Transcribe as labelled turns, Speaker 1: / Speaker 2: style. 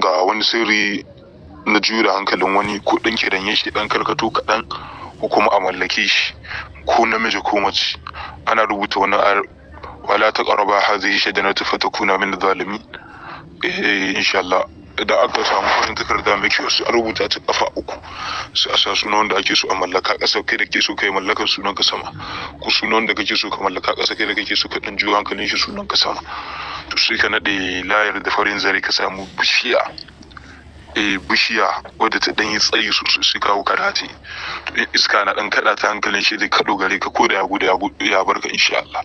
Speaker 1: ga wani sirri na jure hankalin wani ko ɗan kiran ya shi ɗan karkato kaɗan ko kuma a mallake shi ko namiji ko mace ana rubuta wani wala ta ƙaraba har zai shaida na tufa ta kuna min zalimi eh, insha Allah da aka samu farin takarda mai kyau su a rubuta ta kafa uku su a sunan wanda ake so a mallaka ƙasa kai da ke so kai mallaka sunan ka sama ko sunan da kake so ka mallaka ƙasa kai da kake so ka ɗan juyo hankalin shi sunan ka sama sai ka naɗe layar da farin zare ka samu bishiya eh bishiya wadda ta ɗanyi tsayi sosai sai kawo karate iska na ɗan kaɗa ta hankalin shi zai kaɗo gare ka ko da ya gudu ya barka insha Allah